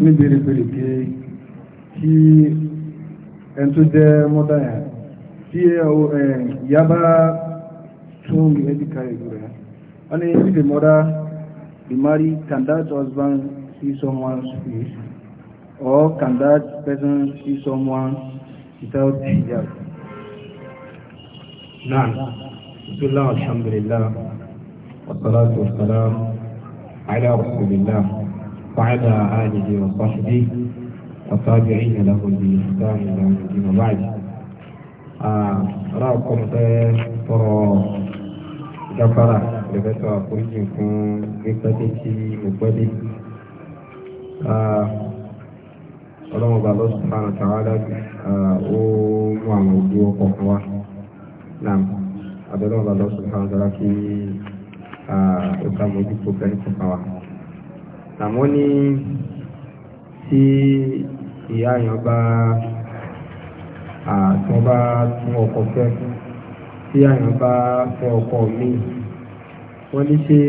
ní bèrèbèrè pé kí ẹn tó jẹ́ mọ́dá yà tí ìyá bá tún bí ẹbí kárí ìlú rẹ̀ wọ́n ní if the mother married can that husband see someone's face or can that person see someone without hijab نعم بسم الله والحمد لله والصلاة والسلام على رسول الله وعلى آله وصحبه والتابعين له بإحسان إلى يوم الدين وبعد أراكم ترى جفرة لبسوا أخرجكم بفتتي مبدئ ọlọ́run ọba lọ́sùn fáwọn tàwádà ó mú àwọn ojú ọkọ̀ fún wa náà abẹ́lẹ́ ọba lọ́sùn fáwọn tàwádà kí ó ká mojú kó fẹ́ ní kọ̀ọ̀kan wa àmọ́ ní tí ìyá èèyàn bá àtọ́ bá tún ọkọ fẹ́ tí àyàn bá fẹ́ ọkọ mi wọ́n ní ṣe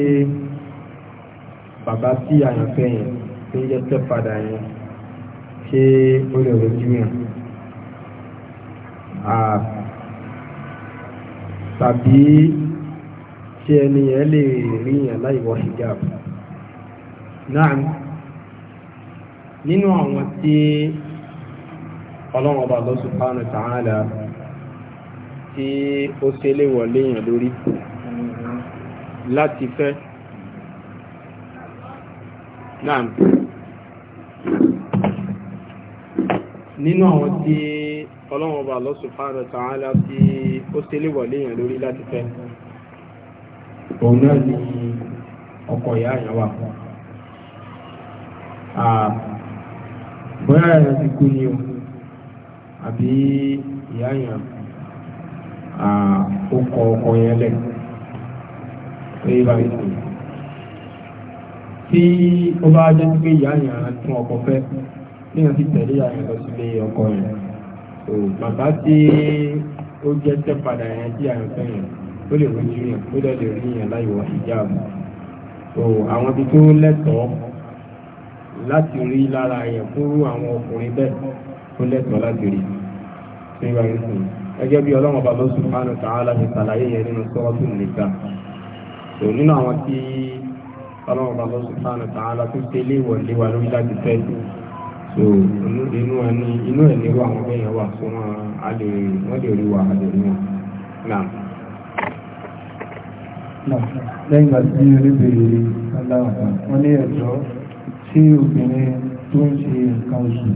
bàbá tí àyàn fẹ́ yẹn tó yẹ tẹ́ padà yẹn ṣé ó lè rojú yẹn tàbí ṣé ẹni yẹn lè rí yẹn láì wọ hijab náà nínú àwọn tí ọlọ́run ọba Allah subhanahu wa ta'ala tí ó ṣẹlẹ̀ wọlé yàn lórí láti fẹ́ náà nínú àwọn tí ọlọ́run ọba Allah subhanahu wa ta'ala tí ó ṣẹlẹ̀ wọlé yàn lórí láti fẹ́ òun ni ọkọ ìyá àyàwó àpọ̀ bóyá ẹ̀rọ ti kú ni o àbí ìyá yẹn ó kọ ọkọ yẹn lẹ̀ lórí báyìí sí tí ó bá jẹ́ pé ìyá yẹn tún ọkọ fẹ́ tí wọ́n ti tẹ̀lé ìyá yẹn lọ sílé ọkọ yẹn so bàbá tí ó jẹ́ tẹ́padà yẹn tí àyàn fẹ́ yẹn ó lè rojú yẹn ó dẹ̀ lè rí yẹn láì wọ ìjáàbù àwọn ibi tó lẹ́tọ̀ọ́ láti rí lára yẹn fúrú àwọn ọkùnrin bẹ́ẹ̀ tó lẹ́tọ̀ọ́ láti rí ṣé ìwà yìí sùn gẹ́gẹ́ bí ọlọ́run ọba lọ́sùn fánù tààlà fi ṣàlàyé yẹn nínú sọ́ọ́tù nìka tó nínú àwọn tí ọlọ́run ọba lọ́sùn fánù tààlà tó ṣe léwọ̀ léwa lórí láti fẹ́ tó inú ẹni inú ẹ̀ nírú àwọn bẹ́yẹn wà fún wọn a lè wọ́n lè rí wa a lè rí wọn náà. lẹ́yìn àti ní oníbèrè aláwọ̀ kan wọ́n ní ẹ̀jọ́ tí obìnrin tó ń ṣe nǹkan oṣù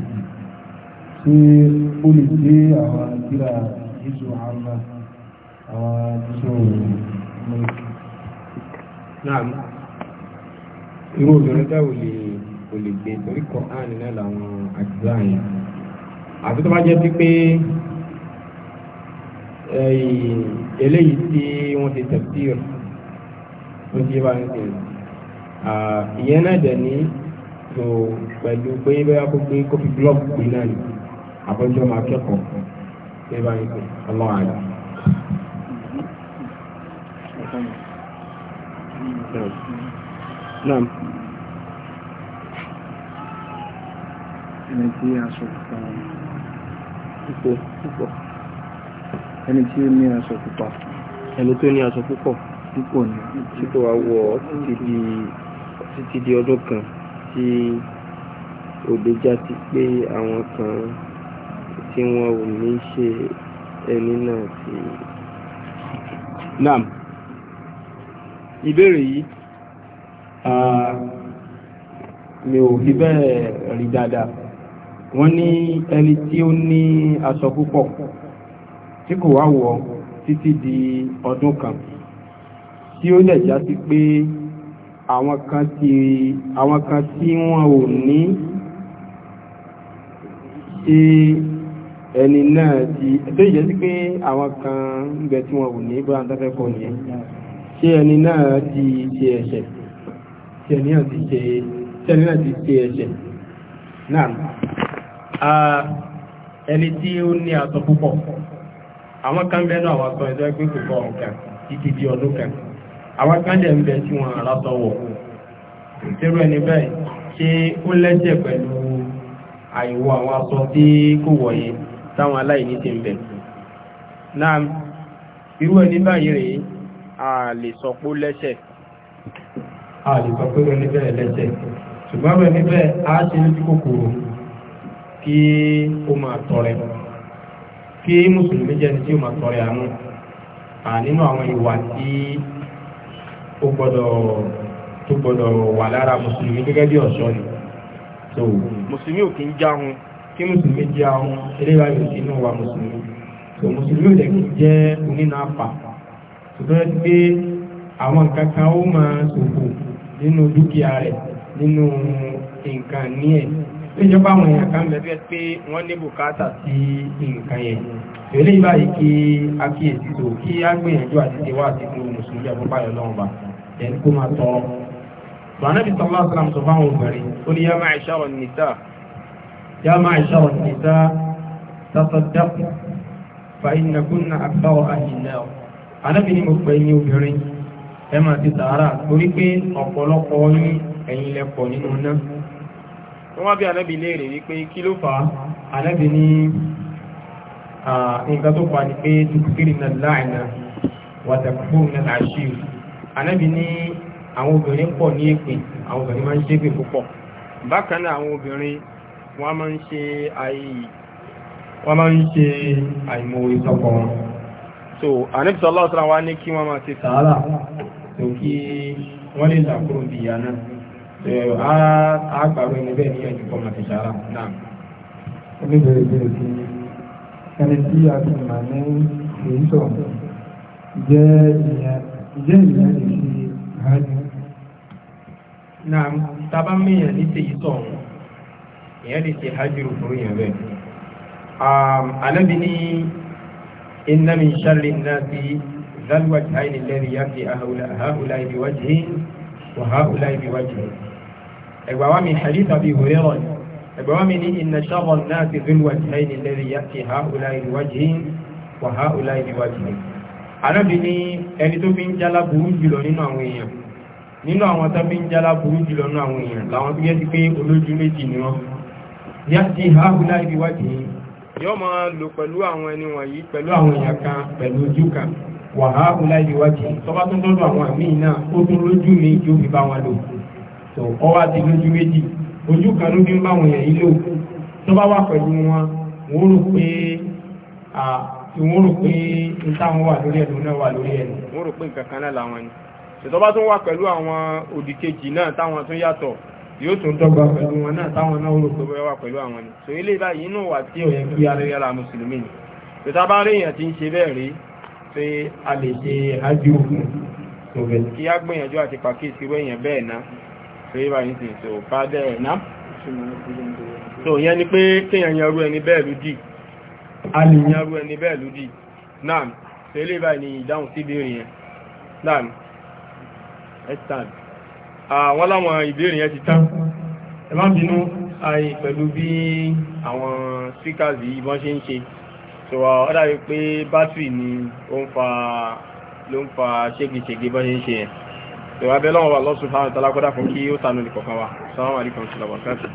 tí ó lè gbé àwọn ìgbéra ìṣù àmà àwọn ìṣù náà irú obìnrin dá ò lè ò lè gbé torí kan áàní náà làwọn àjíjá yẹn àti tó bá jẹ́ sí pé tí wọ́n ti tẹ̀síìr tó ti bá ń ṣe ìyẹn náà dẹ̀ ní so pẹ̀lú pé bẹ́ẹ̀ kó gbé kófí blọọkù gbé náà ni àbọ̀jọ́ máa kẹ́kọ̀ọ́ ṣé báyìí pé ọlọ́run àyà. Naam. Ẹni tí aṣọ pupa púpọ̀ púpọ̀. Ẹni tí ó ní aṣọ pupa. Ẹni tó ní aṣọ púpọ̀ púpọ̀ ni. Tí kò wá wọ̀ títí di ọdún kan tí òde ti sí pé àwọn kan tí wọn ò ní ṣe ẹni náà ti. nam ìbéèrè yìí mi ò fi bẹ́ẹ̀ rí dáadáa wọ́n ní ẹni tí ó ní aṣọ púpọ̀ tí kò wá wọ̀ títí di ọdún kan tí ó lè já sí pé. àwọn kan tí wọ́n ò ní tí ẹni náà ti tó ìjẹ́ sí pé àwọn kan ń bẹ tí wọ́n ò ní bọ́n ní ti ṣe ẹ̀ṣẹ̀ ẹni tí ó ní púpọ̀ àwọn kan sọ ọ̀kan kan àwọn kan dẹ̀ ń bẹ tí wọ́n látọwọ̀ ìtẹ́rù ẹni bẹ́ẹ̀ ṣé ó lẹ́jẹ̀ pẹ̀lú àìwọ àwọn aṣọ tí kò wọ̀ye táwọn aláìní ti ń bẹ náà irú ẹni báyìí rèé a lè sọ pé ó lẹ́ṣẹ̀ a lè sọ pé ó bẹ́ẹ̀ lẹ́ṣẹ̀ ṣùgbọ́n bẹ́ẹ̀ bẹ́ẹ̀ a ṣe lójú kòkòrò kí ó máa tọrẹ kí mùsùlùmí jẹ́ tí ó máa tọrẹ àánú nínú àwọn ìwà tí tó gbọ́dọ̀ tó gbọ́dọ̀ wà lára mùsùlùmí gẹ́gẹ́ bí ọ̀ṣọ́ ni so mùsùlùmí ò kí ń jáhun kí mùsùlùmí jáhun eléyà yóò kí inú wa mùsùlùmí so mùsùlùmí ò lẹ́kí jẹ́ onínàáfà ṣùgbọ́n pé àwọn nǹkan kan ó máa ṣòfò nínú dúkìá rẹ̀ nínú nǹkan ní ẹ̀ níjọba àwọn èèyàn kan bẹ̀rẹ̀ pé wọ́n ní bùkátà sí nǹkan yẹn ìrẹ́lẹ́ ìbáyìí kí a kíyèsí tó kí a gbìyànjú àti tẹwà àti fún mùsùlùmí àpapàyọ̀ lọ́wọ́ bá ẹni kó máa tọrọ bàánàbí sọlá sàlám sọ fáwọn obìnrin ó ní yá máa ìṣàrọ̀ nìta yá máa ìṣàrọ̀ nìta tasaddaqu fa innakunna akthara ahli an-nar anábì ni mo pè ní obìnrin ẹ máa ti sàárà torí pé ọ̀pọ̀lọpọ̀ ní ẹ̀yìn lẹ́pọ̀ nínú náà wọ́n wá bí anábì léèrè wípé kí ló fà á anábì ní nǹkan tó fà ní pé tukfirna al-la'na wa takfurna al-ashir anábì ní àwọn obìnrin pọ̀ ní èpè àwọn obìnrin máa ń ṣépè púpọ̀ bákan náà àwọn obìnrin wọ́n máa ń ṣe àìmòrè sọ́kọ wọn so anábì sallallahu alaihi wasallam wá ní kí wọ́n máa ṣe sàárà tó kí wọ́n lè sàkúrò bí ìyá náà àgbàrò ẹni bẹ́ẹ̀ ní ẹ̀jú ẹni tí a ti mà ní èyí sọ̀rọ̀ jẹ́ ìyẹn ǹjẹ́ ìlà lè ṣe àádọ́. náà tábà mìíràn ní tèyí sọ̀rọ̀ ìyẹn lè ṣe hajjúrù fún yẹn bẹ́ẹ̀. alábi ní iná mi ṣàlè náà sí zalwat haini lẹ́nu yá sí ahàhùlá ibi wájì wàhàhùlá ibi wájì. ẹgbà wa mi hadith àbí hùrẹ́rọ̀ ẹgbà wa mi ní iná ṣàrọ̀ náà sí zalwat haini lẹ́nu yá sí ẹni tó fi ń jálá burú jùlọ nínú àwọn èèyàn nínú àwọn tó fi ń jálá burú jùlọ nínú àwọn èèyàn làwọn tó yẹ sí pé olójú méjì ni wọn yá sí àhùlá ìdíwájì yóò máa lò pẹ̀lú àwọn ẹni wọ̀nyí pẹ̀lú àwọn èèyàn kan pẹ̀lú ojú kan wà àhùlá ìdíwájì tọ́ba tó lọ́dọ̀ àwọn míì náà ó tún lójú mi tí ó fi bá wọn lò tó ọwá ti lójú méjì ojú kan ló fi ń bá àwọn èèyàn yìí lò tọ́ba wà pẹ̀lú wọn wọ́n rò pé wọ́n rò pé ìtàwọn wà lórí ẹ̀lú náà wà lórí ẹ̀lú wọ́n rò pé nǹkan kan náà làwọn ni ṣètọ́bá tún wà pẹ̀lú àwọn òdì kejì náà táwọn tún yàtọ̀ yóò tún dọ́gba pẹ̀lú wọn náà táwọn náà rò pé wọ́n wà pẹ̀lú àwọn ni so ilé báyìí inú wà tí ò yẹ kí arẹ́rẹ́ la mùsùlùmí ni ṣètọ́ bá rí èèyàn tí ń ṣe bẹ́ẹ̀ rí pé a lè ṣe ájú òkun kí á gbìyànjú àti pàkíyèsí irú èèyàn bẹ́ẹ̀ a lè yanrú ẹni bẹ́ẹ̀ lódì náà tẹ́lẹ̀ báyìí ni ìdáhùn sí ìbéèrè yẹn náà ẹ̀sán àwọn láwọn ìbéèrè yẹn ti tán ẹ má bínú àì pẹ̀lú bí àwọn speakers yìí bọ́n ṣe ń ṣe so ọ̀dà rí pé bátìrì ni ó ń fa ló ń fa ṣégeṣége bọ́n ṣe ń ṣe yẹn so abẹ́lọ́wọ́ wa lọ́sùn fáwọn ìtàlákọ́dà fún kí ó tànú nìkọ̀ọ̀kan wa sàmúhàlì kan ṣùgbọ́n kàtì